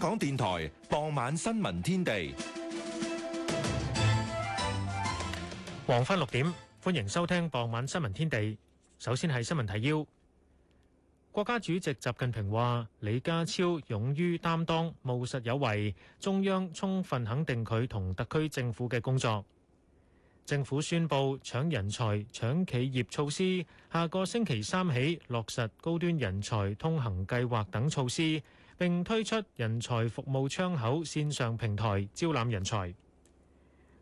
香港電台傍晚新聞天地，黃昏六點，歡迎收聽傍晚新聞天地。首先係新聞提要：國家主席習近平話，李家超勇於擔當、務實有為，中央充分肯定佢同特區政府嘅工作。政府宣布搶人才、搶企業措施，下個星期三起落實高端人才通行計劃等措施。並推出人才服務窗口線上平台招攬人才。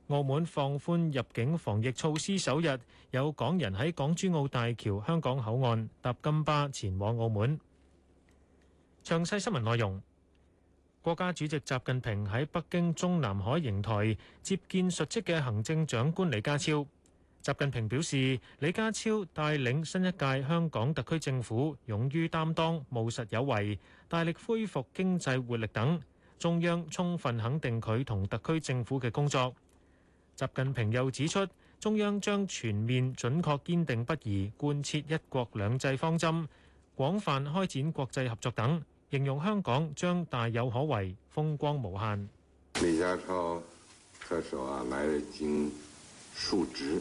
澳門放寬入境防疫措施首日，有港人喺港珠澳大橋香港口岸搭金巴前往澳門。詳細新聞內容，國家主席習近平喺北京中南海瀛台接見述職嘅行政長官李家超。習近平表示，李家超帶領新一屆香港特區政府勇於擔當務實有為大力恢復經濟活力等，中央充分肯定佢同特區政府嘅工作。習近平又指出，中央將全面準確堅定不移貫徹一國兩制方針廣泛開展國際合作等，形容香港將大有可為風光無限。李家超特首啊，嚟京述職。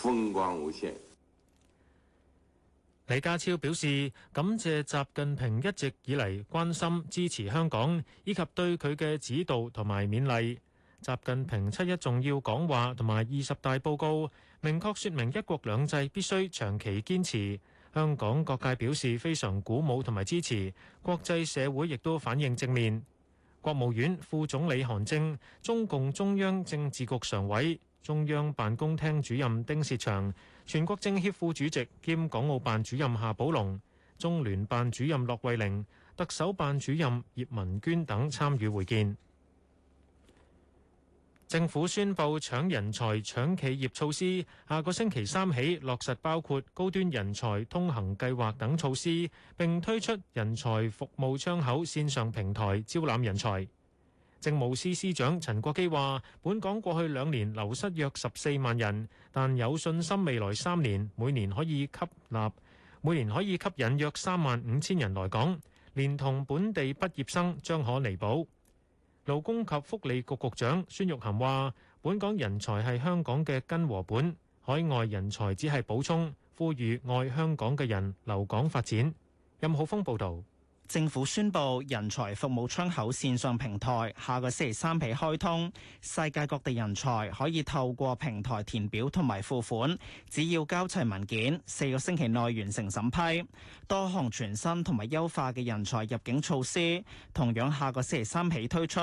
風光無限。李家超表示感謝習近平一直以嚟關心支持香港，以及對佢嘅指導同埋勉勵。習近平七一重要講話同埋二十大報告，明確說明一國兩制必須長期堅持。香港各界表示非常鼓舞同埋支持，國際社會亦都反應正面。國務院副總理韓正，中共中央政治局常委。中央辦公廳主任丁薛祥、全國政協副主席兼港澳辦主任夏寶龍、中聯辦主任駱惠寧、特首辦主任葉文娟等參與會見。政府宣布搶人才、搶企業措施，下個星期三起落實，包括高端人才通行計劃等措施，並推出人才服務窗口線上平台招攬人才。政務司司長陳國基話：本港過去兩年流失約十四萬人，但有信心未來三年每年可以吸納，每年可以吸引約三萬五千人來港，連同本地畢業生將可彌補。勞工及福利局局長孫玉菡話：本港人才係香港嘅根和本，海外人才只係補充，呼籲愛香港嘅人留港發展。任浩峰報導。政府宣布人才服務窗口線上平台下個星期三起開通，世界各地人才可以透過平台填表同埋付款，只要交齊文件，四個星期內完成審批。多項全新同埋優化嘅人才入境措施，同樣下個星期三起推出。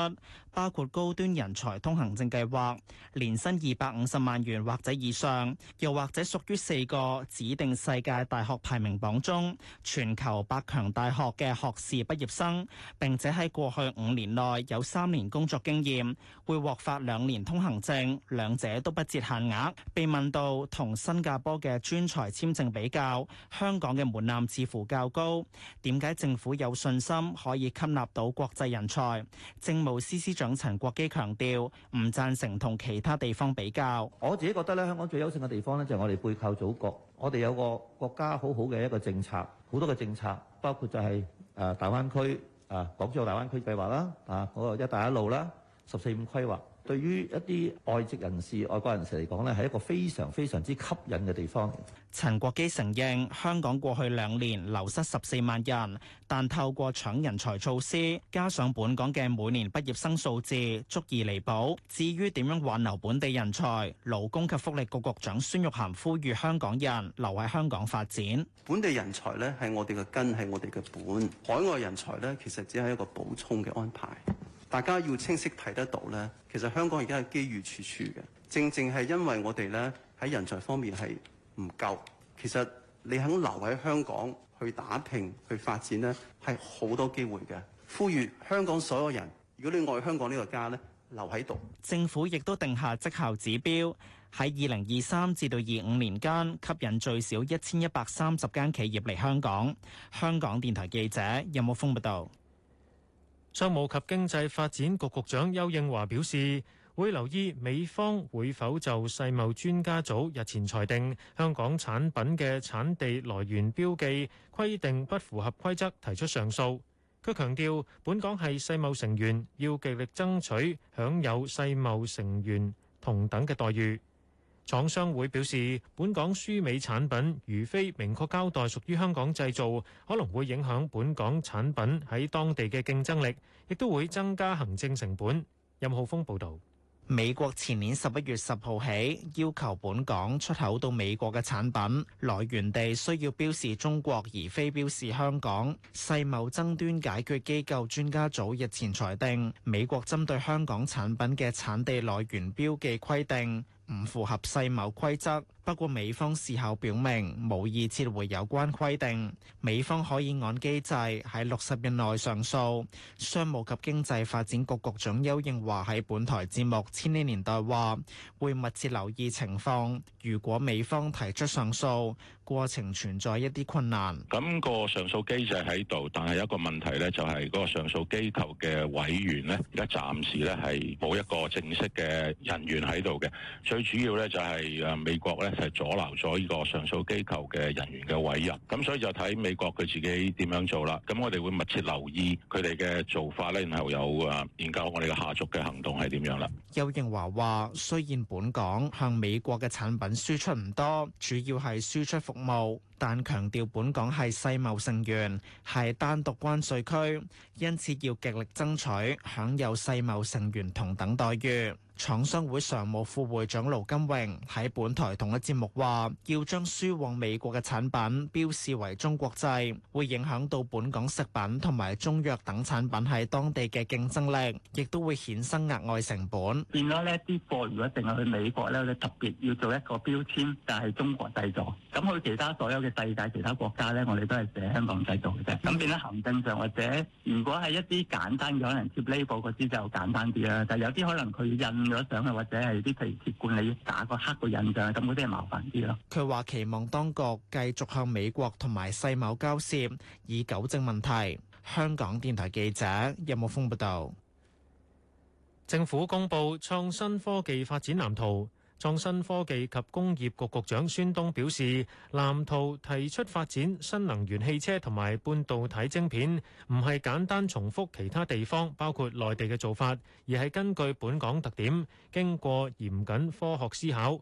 包括高端人才通行證計劃，年薪二百五十萬元或者以上，又或者屬於四個指定世界大學排名榜中全球百強大學嘅學士畢業生，並且喺過去五年內有三年工作經驗，會獲發兩年通行證。兩者都不設限額，被問到同新加坡嘅專才簽證比較，香港嘅門檻似乎較高，點解政府有信心可以吸納到國際人才？政務司司長。等陳國基強調，唔贊成同其他地方比較。我自己覺得咧，香港最優勝嘅地方咧，就係、是、我哋背靠祖國，我哋有個國家好好嘅一個政策，好多嘅政策，包括就係誒大灣區啊，港珠澳大灣區計劃啦，啊嗰、那個一帶一路啦，十四五規劃。對於一啲外籍人士、外國人士嚟講呢係一個非常非常之吸引嘅地方。陳國基承認，香港過去兩年流失十四萬人，但透過搶人才措施，加上本港嘅每年畢業生數字，足以彌補。至於點樣挽留本地人才，勞工及福利局局長孫玉菡呼籲香港人留喺香港發展。本地人才呢，係我哋嘅根，係我哋嘅本。海外人才呢，其實只係一個補充嘅安排。大家要清晰睇得到咧，其實香港而家係機遇處處嘅。正正係因為我哋咧喺人才方面係唔夠，其實你肯留喺香港去打拼、去發展咧，係好多機會嘅。呼籲香港所有人，如果你愛香港呢個家咧，留喺度。政府亦都定下績效指標，喺二零二三至到二五年間，吸引最少一千一百三十間企業嚟香港。香港電台記者任木峯報道。商務及經濟發展局局長邱應華表示，會留意美方會否就世貿專家組日前裁定香港產品嘅產地來源標記規定不符合規則提出上訴。佢強調，本港係世貿成員，要極力爭取享有世貿成員同等嘅待遇。廠商會表示，本港輸美產品如非明確交代屬於香港製造，可能會影響本港產品喺當地嘅競爭力，亦都會增加行政成本。任浩峰報導。美國前年十一月十號起要求本港出口到美國嘅產品來源地需要標示中國，而非標示香港。世貿爭端解決機構專家組日前裁定，美國針對香港產品嘅產地來源標記規定唔符合世貿規則，不過美方事後表明無意撤回有關規定。美方可以按機制喺六十日內上訴。商務及經濟發展局局長邱應華喺本台節目《千禧年代》話會密切留意情況，如果美方提出上訴，過程存在一啲困難，咁個上訴機制喺度，但係有一個問題咧，就係嗰個上訴機構嘅委員咧，而家暫時咧係冇一個正式嘅人員喺度嘅。最主要咧就係誒美國咧係阻撓咗呢個上訴機構嘅人員嘅委任。咁所以就睇美國佢自己點樣做啦。咁我哋會密切留意佢哋嘅做法咧，然後有誒研究我哋嘅下屬嘅行動係點樣啦。邱應華話，雖然本港向美國嘅產品輸出唔多，主要係輸出服。務，但強調本港係世貿成員，係單獨關稅區，因此要極力爭取享有世貿成員同等待遇。廠商會常務副會長盧金榮喺本台同一節目話，要將輸往美國嘅產品標示為中國製，會影響到本港食品同埋中藥等產品喺當地嘅競爭力，亦都會衍生額外成本。變咗呢啲貨如果淨係去美國咧，我哋特別要做一個標籤，就係中國製造。咁去其他所有嘅世界其他國家咧，我哋都係寫香港製造嘅啫。咁變咗行政上或者，如果係一啲簡單嘅，可能貼呢部嗰啲就簡單啲啦。但係有啲可能佢印。影咗相或者係啲皮管你要打個黑個印嘅，咁嗰啲係麻煩啲咯。佢話期望當局繼續向美國同埋世貿交涉，以糾正問題。香港電台記者任慕峰報道，有有政府公布創新科技發展藍圖。創新科技及工業局局長孫東表示，藍圖提出發展新能源汽車同埋半導體晶片，唔係簡單重複其他地方，包括內地嘅做法，而係根據本港特點，經過嚴謹科學思考。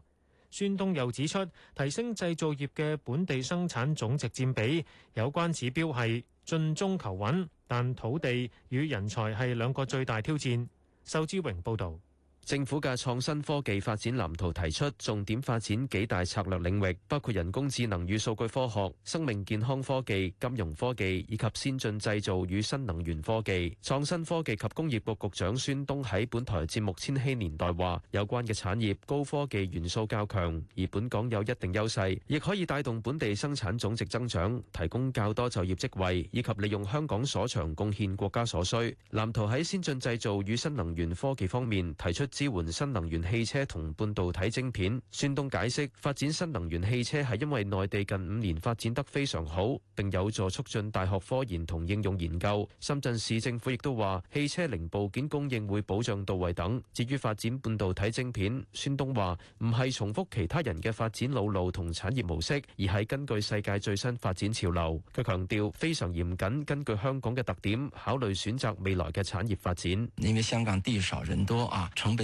孫東又指出，提升製造業嘅本地生產總值佔比，有關指標係進中求穩，但土地與人才係兩個最大挑戰。仇之榮報導。政府嘅創新科技發展藍圖提出重點發展幾大策略領域，包括人工智能與數據科學、生命健康科技、金融科技以及先進製造與新能源科技。創新科技及工業局局長孫東喺本台節目《千禧年代》話：有關嘅產業高科技元素較強，而本港有一定優勢，亦可以帶動本地生產總值增長，提供較多就業職位，以及利用香港所長貢獻國家所需。藍圖喺先進製造與新能源科技方面提出。支援新能源汽車同半導體晶片。孫東解釋，發展新能源汽車係因為內地近五年發展得非常好，並有助促進大學科研同應用研究。深圳市政府亦都話，汽車零部件供應會保障到位等。至於發展半導體晶片，孫東話唔係重複其他人嘅發展老路同產業模式，而係根據世界最新發展潮流。佢強調非常嚴謹，根據香港嘅特點考慮選擇未來嘅產業發展。因為香港地少人多啊，成本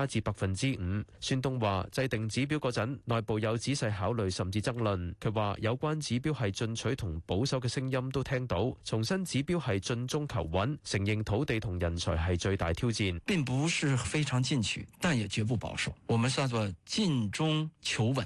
加至百分之五。孫東話制定指標嗰陣，內部有仔細考慮甚至爭論。佢話有關指標係進取同保守嘅聲音都聽到，重新指標係進中求穩，承認土地同人才係最大挑戰，並不是非常進取，但也絕不保守。我們算做「進中求穩」。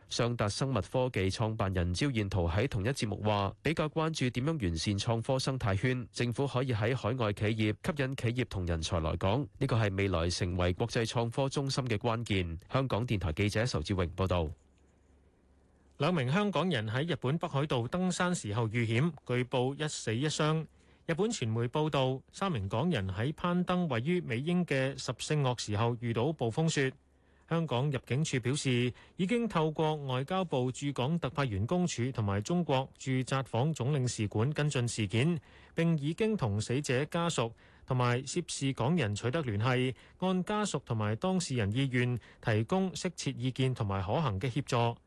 上達生物科技創辦人招彥燾喺同一節目話，比較關注點樣完善創科生態圈，政府可以喺海外企業吸引企業同人才來港，呢個係未來成為國際創科中心嘅關鍵。香港電台記者仇志榮報道，兩名香港人喺日本北海道登山時候遇險，據報一死一傷。日本傳媒報道，三名港人喺攀登位於美瑛嘅十勝岳時候遇到暴風雪。香港入境處表示，已經透過外交部駐港特派員公署同埋中國駐札幌總領事館跟進事件，並已經同死者家屬同埋涉事港人取得聯繫，按家屬同埋當事人意願提供適切意見同埋可行嘅協助。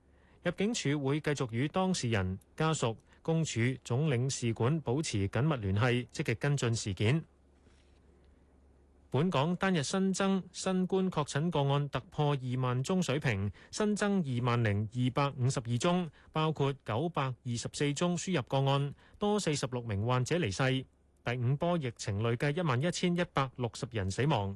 入境處會繼續與當事人家屬、公署、總領事館保持緊密聯繫，積極跟進事件。本港單日新增新冠確診個案突破二萬宗水平，新增二萬零二百五十二宗，包括九百二十四宗輸入個案，多四十六名患者離世。第五波疫情累計一萬一千一百六十人死亡。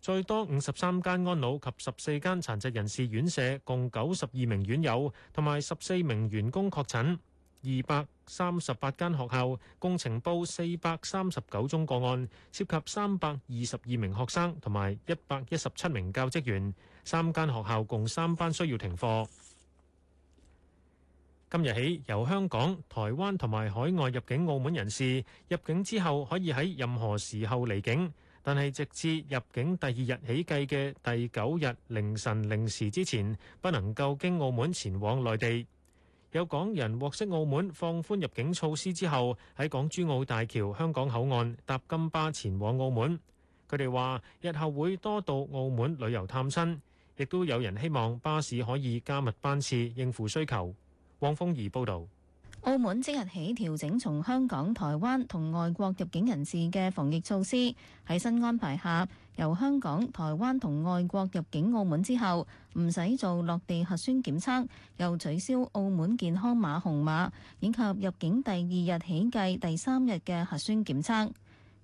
最多五十三間安老及十四間殘疾人士院舍共九十二名院友，同埋十四名員工確診。二百三十八間學校，共呈報四百三十九宗個案，涉及三百二十二名學生同埋一百一十七名教職員，三間學校共三班需要停課。今日起，由香港、台灣同埋海外入境澳門人士入境之後，可以喺任何時候離境，但係直至入境第二日起計嘅第九日凌晨零時之前，不能夠經澳門前往內地。有港人獲悉澳門放寬入境措施之後，喺港珠澳大橋香港口岸搭金巴前往澳門，佢哋話日後會多到澳門旅遊探親，亦都有人希望巴士可以加密班次應付需求。汪峰儀報道。澳門即日起調整從香港、台灣同外國入境人士嘅防疫措施。喺新安排下，由香港、台灣同外國入境澳門之後，唔使做落地核酸檢測，又取消澳門健康碼紅碼，以及入境第二日起計第三日嘅核酸檢測。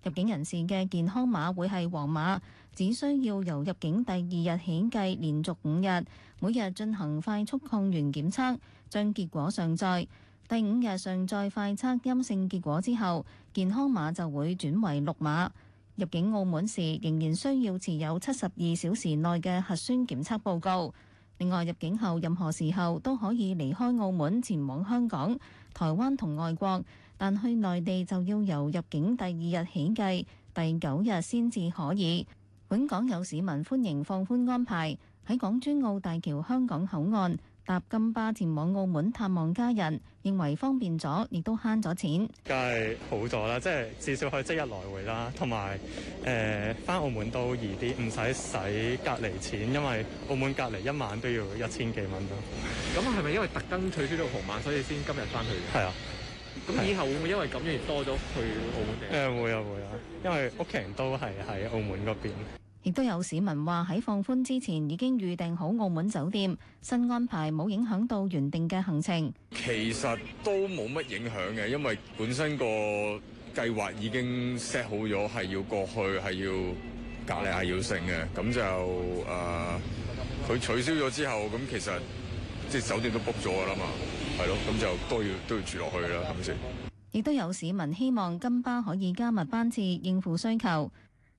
入境人士嘅健康碼會係黃碼，只需要由入境第二日起計連續五日，每日進行快速抗原檢測，將結果上載。第五日上載快測陰性結果之後，健康碼就會轉為綠碼。入境澳門時，仍然需要持有七十二小時內嘅核酸檢測報告。另外，入境後任何時候都可以離開澳門前往香港、台灣同外國，但去內地就要由入境第二日起計，第九日先至可以。本港有市民歡迎放寬安排，喺港珠澳大橋香港口岸，搭金巴前往澳門探望家人，認為方便咗，亦都慳咗錢。梗係好咗啦，即係至少可以即日來回啦，同埋誒返澳門都易啲，唔使使隔離錢，因為澳門隔離一晚都要一千幾蚊咯。咁係咪因為特登取消咗航班，所以先今日返去？係啊，咁以後會唔會因為咁而多咗去澳門嘅？誒、啊、會啊會啊，因為屋企人都係喺澳門嗰邊。亦都有市民話喺放寬之前已經預定好澳門酒店，新安排冇影響到原定嘅行程。其實都冇乜影響嘅，因為本身個計劃已經 set 好咗，係要過去，係要隔離，係要性嘅。咁就誒，佢、呃、取消咗之後，咁其實即係酒店都 book 咗㗎啦嘛，係咯，咁就都要都要住落去啦，係咪先？亦都有市民希望金巴可以加密班次應付需求。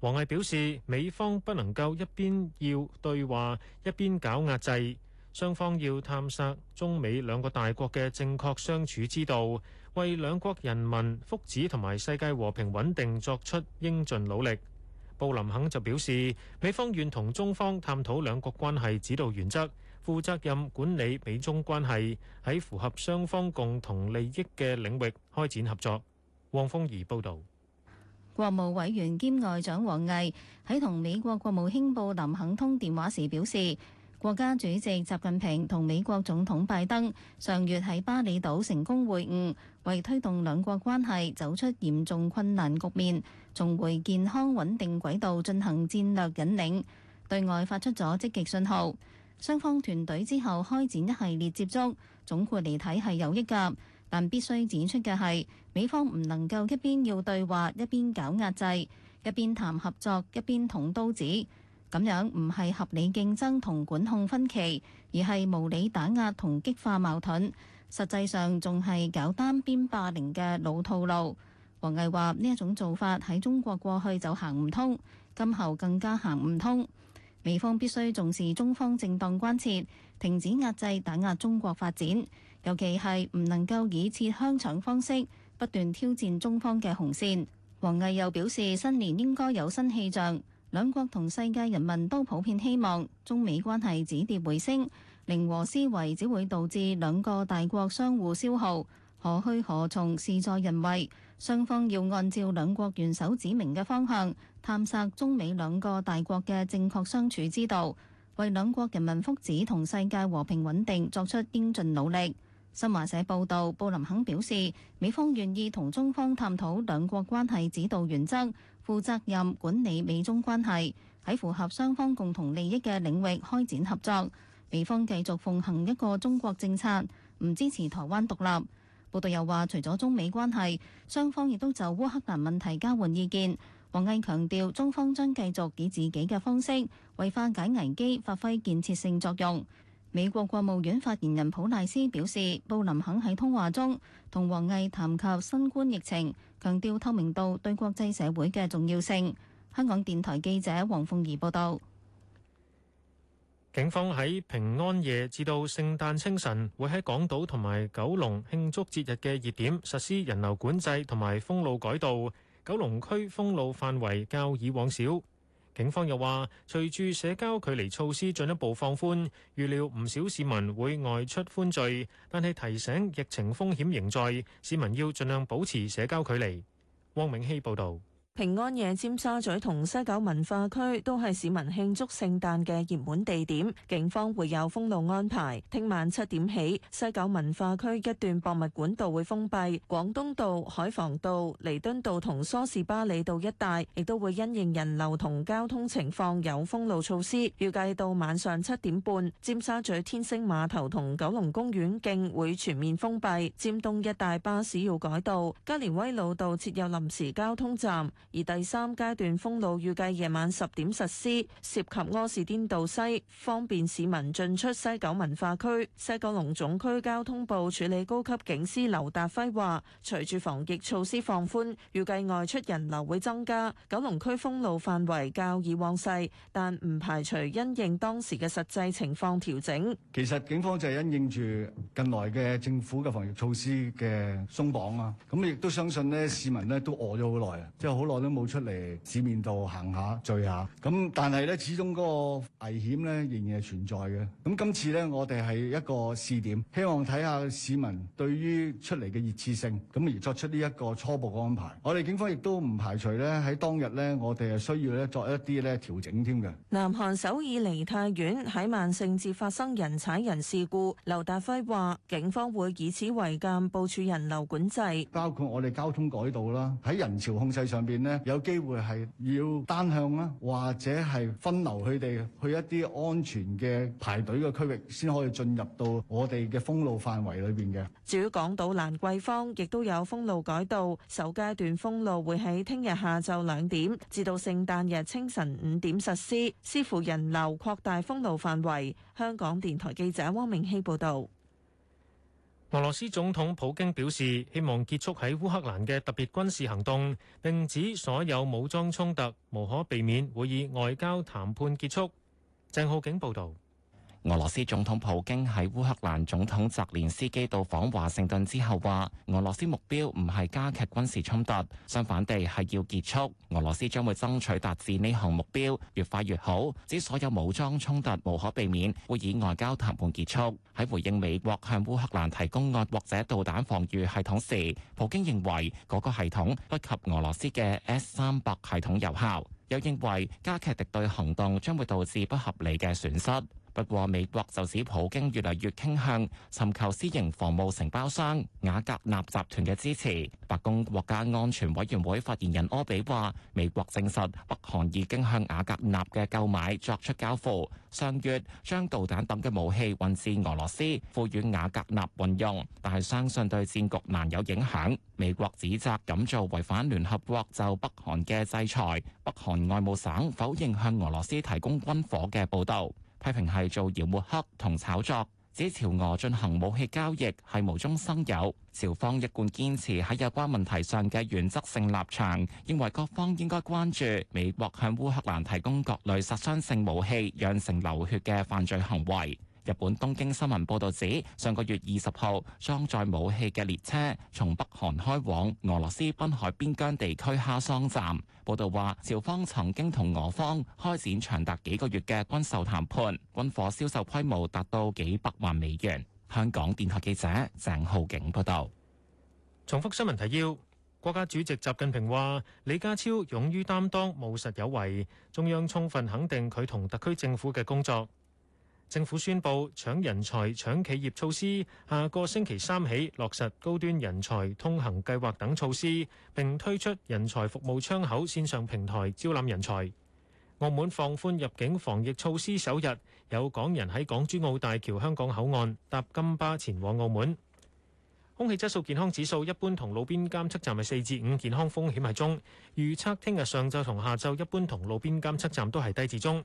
王毅表示，美方不能夠一邊要對話一邊搞壓制，雙方要探索中美兩個大國嘅正確相處之道，為兩國人民福祉同埋世界和平穩定作出應盡努力。布林肯就表示，美方願同中方探討兩國關係指導原則，負責任管理美中關係，喺符合雙方共同利益嘅領域開展合作。汪峰儀報道。國務委員兼外長王毅喺同美國國務卿布林肯通電話時表示，國家主席習近平同美國總統拜登上月喺巴厘島成功會晤，為推動兩國關係走出嚴重困難局面，重回健康穩定軌道進行戰略引領，對外發出咗積極信號。雙方團隊之後開展一系列接觸，總括嚟睇係有益嘅。但必須指出嘅係，美方唔能夠一邊要對話，一邊搞壓制；一邊談合作，一邊捅刀子。咁樣唔係合理競爭同管控分歧，而係無理打壓同激化矛盾。實際上仲係搞單邊霸凌嘅老套路。王毅話：呢一種做法喺中國過去就行唔通，今後更加行唔通。美方必須重視中方正當關切，停止壓制打壓中國發展。尤其係唔能夠以切香腸方式不斷挑戰中方嘅紅線。王毅又表示，新年應該有新氣象，兩國同世界人民都普遍希望中美關係止跌回升。零和思維只會導致兩個大國相互消耗，何去何從事在人為。雙方要按照兩國元首指明嘅方向，探索中美兩個大國嘅正確相處之道，為兩國人民福祉同世界和平穩定作出應盡努力。新華社報道，布林肯表示，美方願意同中方探討兩國關係指導原則，負責任管理美中關係，喺符合雙方共同利益嘅領域開展合作。美方繼續奉行一個中國政策，唔支持台灣獨立。報道又話，除咗中美關係，雙方亦都就烏克蘭問題交換意見，王毅強調中方將繼續以自己嘅方式為化解危機發揮建設性作用。美國國務院發言人普賴斯表示，布林肯喺通話中同王毅談及新冠疫情，強調透明度對國際社會嘅重要性。香港電台記者黃鳳儀報道。警方喺平安夜至到聖誕清晨會喺港島同埋九龍慶祝節日嘅熱點實施人流管制同埋封路改道，九龍區封路範圍較以往少。警方又話，隨住社交距離措施進一步放寬，預料唔少市民會外出歡聚，但係提醒疫情風險仍在，市民要盡量保持社交距離。汪永熙報導。平安夜，尖沙咀同西九文化區都係市民慶祝聖誕嘅熱門地點。警方會有封路安排。聽晚七點起，西九文化區一段博物館道會封閉，廣東道、海防道、彌敦道同梳士巴利道一帶亦都會因應人流同交通情況有封路措施。預計到晚上七點半，尖沙咀天星碼頭同九龍公園徑會全面封閉，尖東一帶巴士要改道，加連威老道設有臨時交通站。而第三階段封路預計夜晚十點實施，涉及柯士甸道西，方便市民進出西九文化區。西九龍總區交通部處理高級警司劉達輝話，隨住防疫措施放寬，預計外出人流會增加。九龍區封路範圍較以往細，但唔排除因應當時嘅實際情況調整。其實警方就係因應住近來嘅政府嘅防疫措施嘅鬆綁啊，咁亦都相信咧市民咧都餓咗好耐啊，即係好。我都冇出嚟市面度行下聚下，咁但係咧始終嗰個危險咧仍然係存在嘅。咁、嗯、今次咧我哋係一個試點，希望睇下市民對於出嚟嘅熱切性，咁而作出呢一個初步嘅安排。我哋警方亦都唔排除咧喺當日咧，我哋係需要咧作一啲咧調整添嘅。南韓首爾梨泰院喺萬聖節發生人踩人事故，劉達輝話警方會以此為鑑，部署人流管制，包括我哋交通改道啦，喺人潮控制上邊。咧有機會係要單向啦，或者係分流佢哋去一啲安全嘅排隊嘅區域，先可以進入到我哋嘅封路範圍裏邊嘅。至於港島蘭桂坊，亦都有封路改道，首階段封路會喺聽日下晝兩點至到聖誕日清晨五點實施，視乎人流擴大封路範圍。香港電台記者汪明熙報導。俄羅斯總統普京表示，希望結束喺烏克蘭嘅特別軍事行動，並指所有武裝衝突無可避免會以外交談判結束。鄭浩景報道。俄羅斯總統普京喺烏克蘭總統澤連斯基到訪華盛頓之後，話俄羅斯目標唔係加劇軍事衝突，相反地係要結束，俄羅斯將會爭取達至呢項目標，越快越好。指所有武裝衝突無可避免會以外交談判結束。喺回應美國向烏克蘭提供愛國者導彈防禦系統時，普京認為嗰個系統不及俄羅斯嘅 S 三百系統有效，又認為加劇敵對行動將會導致不合理嘅損失。不過，美國就指普京越嚟越傾向尋求私營防務承包商雅格納集團嘅支持。白宮國家安全委員會發言人柯比話：美國證實北韓已經向雅格納嘅購買作出交付，上月將導彈等嘅武器運至俄羅斯，賦予雅格納運用，但係相信對戰局難有影響。美國指責咁做違反聯合國就北韓嘅制裁。北韓外務省否認向俄羅斯提供軍火嘅報導。批評係造謠抹黑同炒作，指朝俄進行武器交易係無中生有。朝方一貫堅持喺有關問題上嘅原則性立場，認為各方應該關注美國向烏克蘭提供各類殺傷性武器，釀成流血嘅犯罪行為。日本東京新聞報道指，上個月二十號裝載武器嘅列車從北韓開往俄羅斯濱海邊疆地區哈桑站。報道話，朝方曾經同俄方開展長達幾個月嘅軍售談判，軍火銷售規模達到幾百萬美元。香港電台記者鄭浩景報道。重複新聞提要，國家主席習近平話，李家超勇於擔當，務實有為，中央充分肯定佢同特區政府嘅工作。政府宣布搶人才、搶企業措施，下個星期三起落實高端人才通行計劃等措施，並推出人才服務窗口線上平台招攬人才。澳門放寬入境防疫措施首日，有港人喺港珠澳大橋香港口岸搭金巴前往澳門。空氣質素健康指數一般同路邊監測站係四至五，健康風險係中。預測聽日上晝同下晝一般同路邊監測站都係低至中。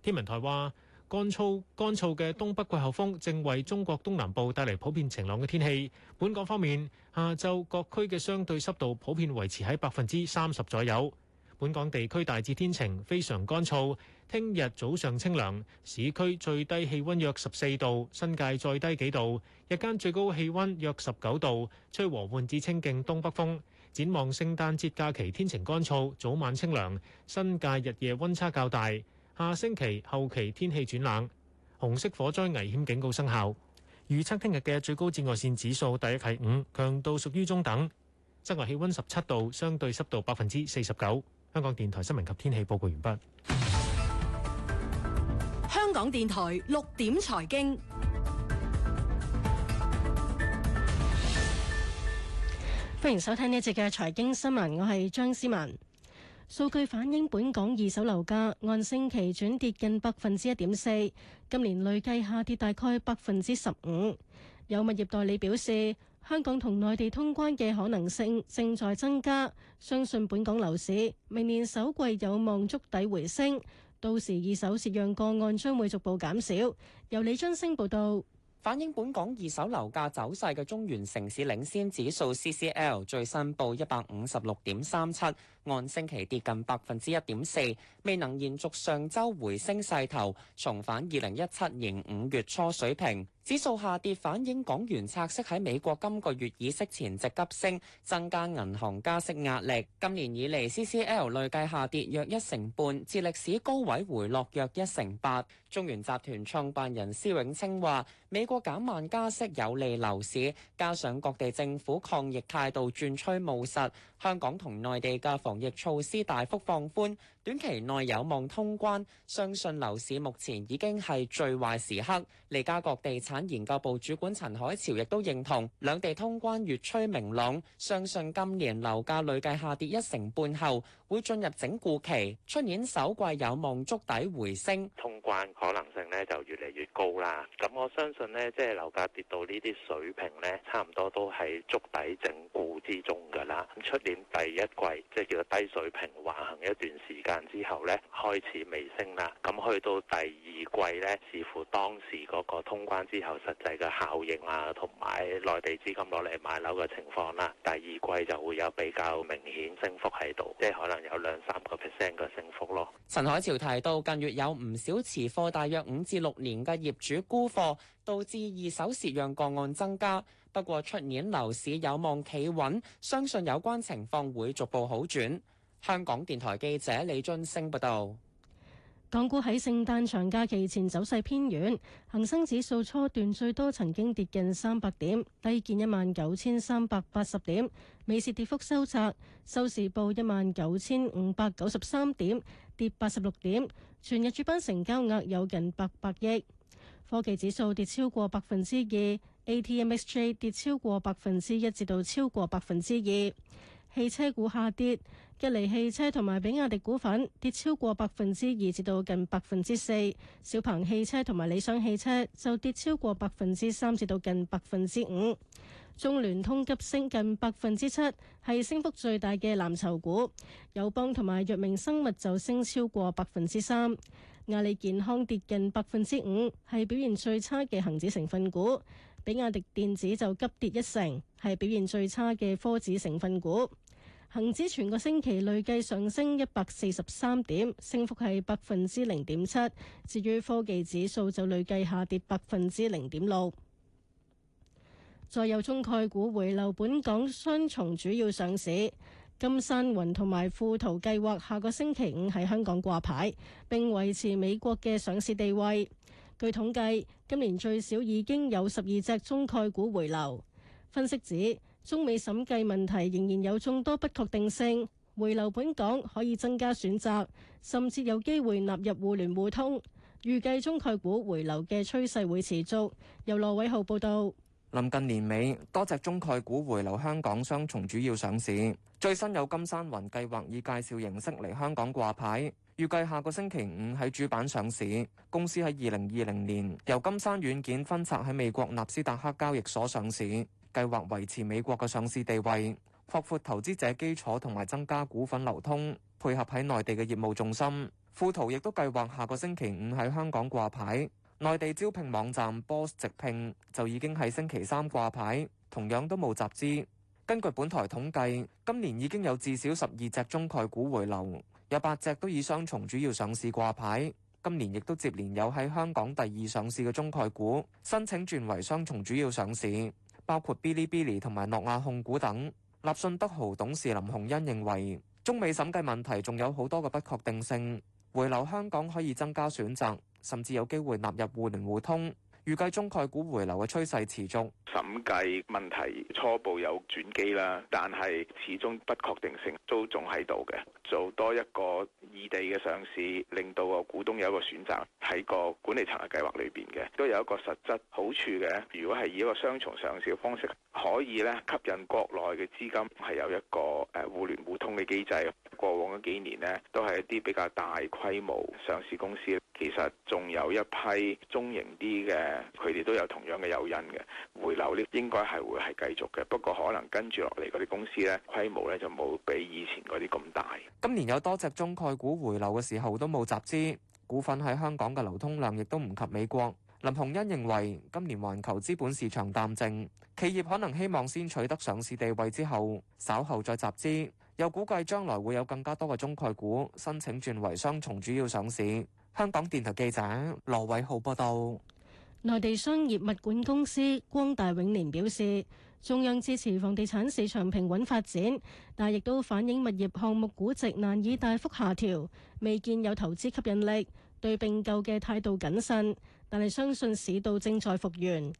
天文台話，乾燥乾燥嘅東北季候風正為中國東南部帶嚟普遍晴朗嘅天氣。本港方面，下晝各區嘅相對濕度普遍維持喺百分之三十左右。本港地區大致天晴，非常乾燥。聽日早上清涼，市區最低氣温約十四度，新界再低幾度。日間最高氣温約十九度，吹和緩至清勁東北風。展望聖誕節假期天晴乾燥，早晚清涼，新界日夜温差較大。下星期後期天氣轉冷，紅色火災危險警告生效。預測聽日嘅最高紫外綫指數大約係五，強度屬於中等。室外氣温十七度，相對濕度百分之四十九。香港電台新聞及天氣報告完畢。香港電台六點財經，歡迎收聽呢一節嘅財經新聞，我係張思文。數據反映本港二手樓價按星期轉跌近百分之一點四，今年累計下跌大概百分之十五。有物業代理表示，香港同內地通關嘅可能性正在增加，相信本港樓市明年首季有望觸底回升，到時二手蝕讓個案將會逐步減少。由李津升報導。反映本港二手樓價走勢嘅中原城市領先指數 CCL 最新報一百五十六點三七，按星期跌近百分之一點四，未能延續上週回升勢頭，重返二零一七年五月初水平。指數下跌反映港元拆息喺美國今個月議息前值急升，增加銀行加息壓力。今年以嚟，CCL 累計下跌約一成半，至歷史高位回落約一成八。中原集團創辦人施永青話：美國減慢加息有利樓市，加上各地政府抗疫態度轉趨務實。香港同內地嘅防疫措施大幅放寬，短期內有望通關。相信樓市目前已經係最壞時刻。利嘉閣地產研究部主管陳海潮亦都認同，兩地通關越趨明朗，相信今年樓價累計下跌一成半後，會進入整固期，出年首季有望築底回升，通關可能性咧就越嚟越高啦。咁我相信咧，即係樓價跌到呢啲水平咧，差唔多都係築底整固之中噶啦。咁出年第一季即係叫做低水平橫行一段時間之後咧，開始微升啦。咁去到第二季咧，似乎當時嗰個通關之後實際嘅效應啊，同埋內地資金落嚟買樓嘅情況啦，第二季就會有比較明顯升幅喺度，即係可能。有兩三個 percent 嘅升幅咯。陳海潮提到，近月有唔少持貨大約五至六年嘅業主沽貨，導致二手蝕讓個案增加。不過出年樓市有望企穩，相信有關情況會逐步好轉。香港電台記者李津升報道。港股喺聖誕長假期前走勢偏軟，恒生指數初段最多曾經跌近三百點，低見一萬九千三百八十點，尾市跌幅收窄，收市報一萬九千五百九十三點，跌八十六點。全日主板成交額有近八百億。科技指數跌超過百分之二，ATMXJ 跌超過百分之一至到超過百分之二。汽車股下跌，吉利汽車同埋比亞迪股份跌超過百分之二至到近百分之四，小鵬汽車同埋理想汽車就跌超過百分之三至到近百分之五。中聯通急升近百分之七，係升幅最大嘅藍籌股。友邦同埋藥明生物就升超過百分之三，阿里健康跌近百分之五，係表現最差嘅恒指成分股。比亞迪電子就急跌一成，係表現最差嘅科指成分股。恒指全個星期累計上升一百四十三點，升幅係百分之零點七。至於科技指數就累計下跌百分之零點六。再有中概股回流本港雙重主要上市，金山雲同埋富途計劃下個星期五喺香港掛牌，並維持美國嘅上市地位。據統計，今年最少已經有十二隻中概股回流。分析指，中美審計問題仍然有眾多不確定性，回流本港可以增加選擇，甚至有機會納入互聯互通。預計中概股回流嘅趨勢會持續。由羅偉浩報道。臨近年尾，多隻中概股回流香港，雙重主要上市。最新有金山雲計劃以介紹形式嚟香港掛牌，預計下個星期五喺主板上市。公司喺二零二零年由金山軟件分拆喺美國納斯達克交易所上市。計劃維持美國嘅上市地位，擴闊投資者基礎，同埋增加股份流通，配合喺內地嘅業務重心。富途亦都計劃下個星期五喺香港掛牌。內地招聘網站 Boss 直聘就已經喺星期三掛牌，同樣都冇集資。根據本台統計，今年已經有至少十二隻中概股回流，有八隻都以雙重主要上市掛牌。今年亦都接連有喺香港第二上市嘅中概股申請轉為雙重主要上市。包括嗶哩嗶哩同埋諾亞控股等，立信德豪董事林洪恩認為，中美審計問題仲有好多個不確定性，回流香港可以增加選擇，甚至有機會納入互聯互通。預計中概股回流嘅趨勢始終，審計問題初步有轉機啦，但係始終不確定性都仲喺度嘅。做多一個異地嘅上市，令到個股東有一個選擇喺個管理層嘅計劃裏邊嘅，都有一個實質好處嘅。如果係以一個雙重上市嘅方式，可以咧，吸引國內嘅資金係有一個誒，互聯互通嘅機制。過往嗰幾年呢，都係一啲比較大規模上市公司。其實仲有一批中型啲嘅，佢哋都有同樣嘅誘因嘅，回流呢應該係會係繼續嘅。不過可能跟住落嚟嗰啲公司咧，規模咧，就冇比以前嗰啲咁大。今年有多隻中概股回流嘅時候都冇集資，股份喺香港嘅流通量亦都唔及美國。林洪恩認為今年環球資本市場淡靜，企業可能希望先取得上市地位之後稍後再集資，又估計將來會有更加多嘅中概股申請轉為雙重主要上市。香港電台記者羅偉浩報道，內地商業物管公司光大永年表示，中央支持房地產市場平穩發展，但亦都反映物業項目估值難以大幅下調，未見有投資吸引力，對併購嘅態度謹慎，但係相信市道正在復原。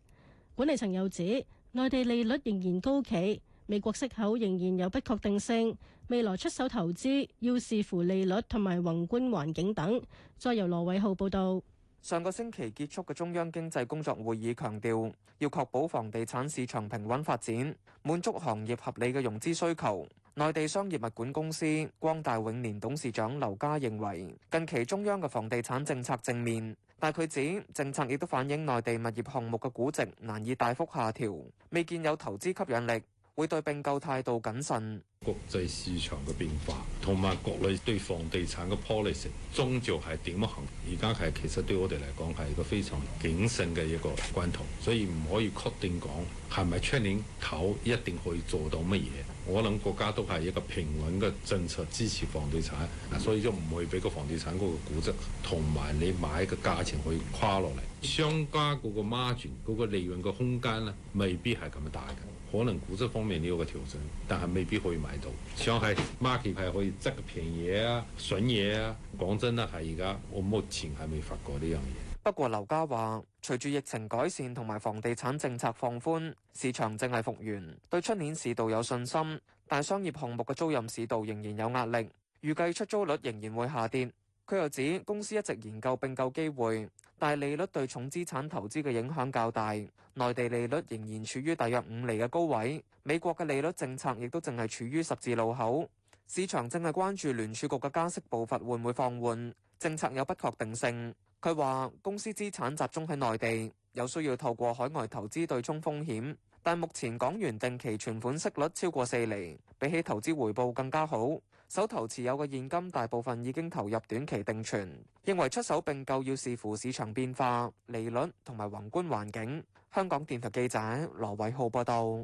管理層又指，內地利率仍然高企。美國息口仍然有不確定性，未來出手投資要視乎利率同埋宏觀環境等。再由羅偉浩報道，上個星期結束嘅中央經濟工作會議強調，要確保房地產市場平穩發展，滿足行業合理嘅融資需求。內地商業物管公司光大永年董事長劉家認為，近期中央嘅房地產政策正面，但佢指政策亦都反映內地物業項目嘅估值難以大幅下調，未見有投資吸引力。會對併購態度謹慎。國際市場嘅變化，同埋國內對房地產嘅 policy，終究係點樣行？而家係其實對我哋嚟講係一個非常謹慎嘅一個關頭，所以唔可以確定講係咪出年頭一定可以做到乜嘢。我諗國家都係一個平穩嘅政策支持房地產，所以就唔會俾個房地產個估值同埋你買嘅價錢可以跨落嚟。商家嗰個 margin、嗰個利潤嘅空間咧，未必係咁大嘅，可能估值方面有個調整，但係未必可以買。想係 market 係可以執個平嘢啊、筍嘢啊。講真啦，係而家我目前係未發過呢樣嘢。不過劉，劉家話隨住疫情改善同埋房地產政策放寬，市場正係復原，對出年市道有信心，但商業項目嘅租賃市道仍然有壓力，預計出租率仍然會下跌。佢又指，公司一直研究併購機會，但係利率對重資產投資嘅影響較大。內地利率仍然處於大約五厘嘅高位，美國嘅利率政策亦都淨係處於十字路口。市場正係關注聯儲局嘅加息步伐會唔會放緩，政策有不確定性。佢話，公司資產集中喺內地，有需要透過海外投資對沖風險，但目前港元定期存款息率超過四厘，比起投資回報更加好。手頭持有嘅現金大部分已經投入短期定存，認為出手並購要視乎市場變化、利率同埋宏觀環境。香港電台記者羅偉浩報道。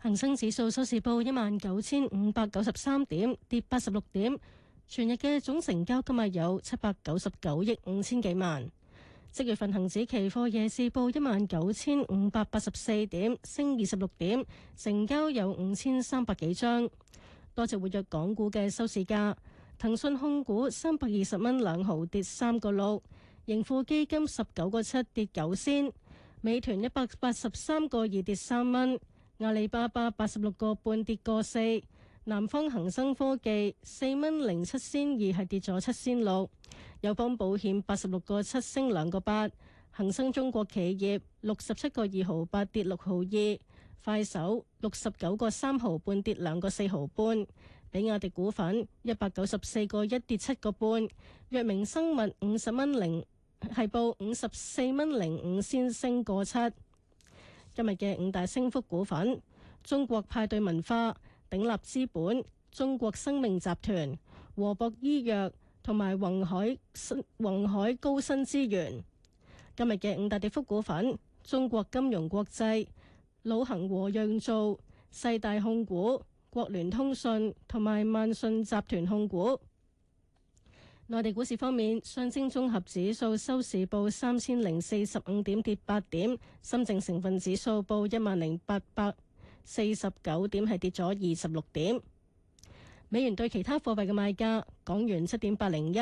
恒生指數收市報一萬九千五百九十三點，跌八十六點。全日嘅總成交今日有七百九十九億五千幾萬。即月份恒指期貨夜市報一萬九千五百八十四點，升二十六點，成交有五千三百幾張。多隻活躍港股嘅收市價，騰訊控股三百二十蚊兩毫跌三個六，盈富基金十九個七跌九仙，美團一百八十三個二跌三蚊，阿里巴巴八十六個半跌個四，南方恒生科技四蚊零七仙二係跌咗七仙六，友邦保險八十六個七升兩個八，恒生中國企業六十七個二毫八跌六毫二。快手六十九個三毫半跌兩個四毫半，比亞迪股份一百九十四個一跌七個半，藥明生物五十蚊零係報五十四蚊零五先升過七。今日嘅五大升幅股份：中國派對文化、鼎立資本、中國生命集團、和博醫藥同埋宏海宏海高新資源。今日嘅五大跌幅股份：中國金融國際。老恒和讓做，世大控股、國聯通訊同埋萬信集團控股。內地股市方面，上證綜合指數收市報三千零四十五點，跌八點；深證成分指數報一萬零八百四十九點，係跌咗二十六點。美元對其他貨幣嘅賣價：港元七點八零一，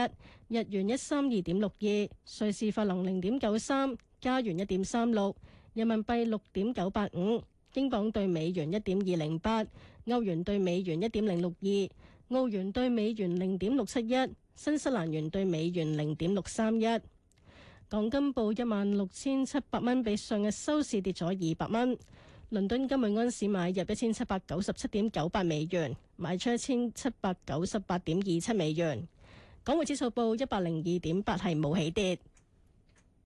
日元一三二點六二，瑞士法郎零點九三，加元一點三六。人民幣六點九八五，英鎊兌美元一點二零八，歐元兌美元一點零六二，澳元兌美元零點六七一，新西蘭元兌美元零點六三一。港金報一萬六千七百蚊，比上日收市跌咗二百蚊。倫敦金每安士買入一千七百九十七點九八美元，賣出一千七百九十八點二七美元。港匯指數報一百零二點八，係冇起跌。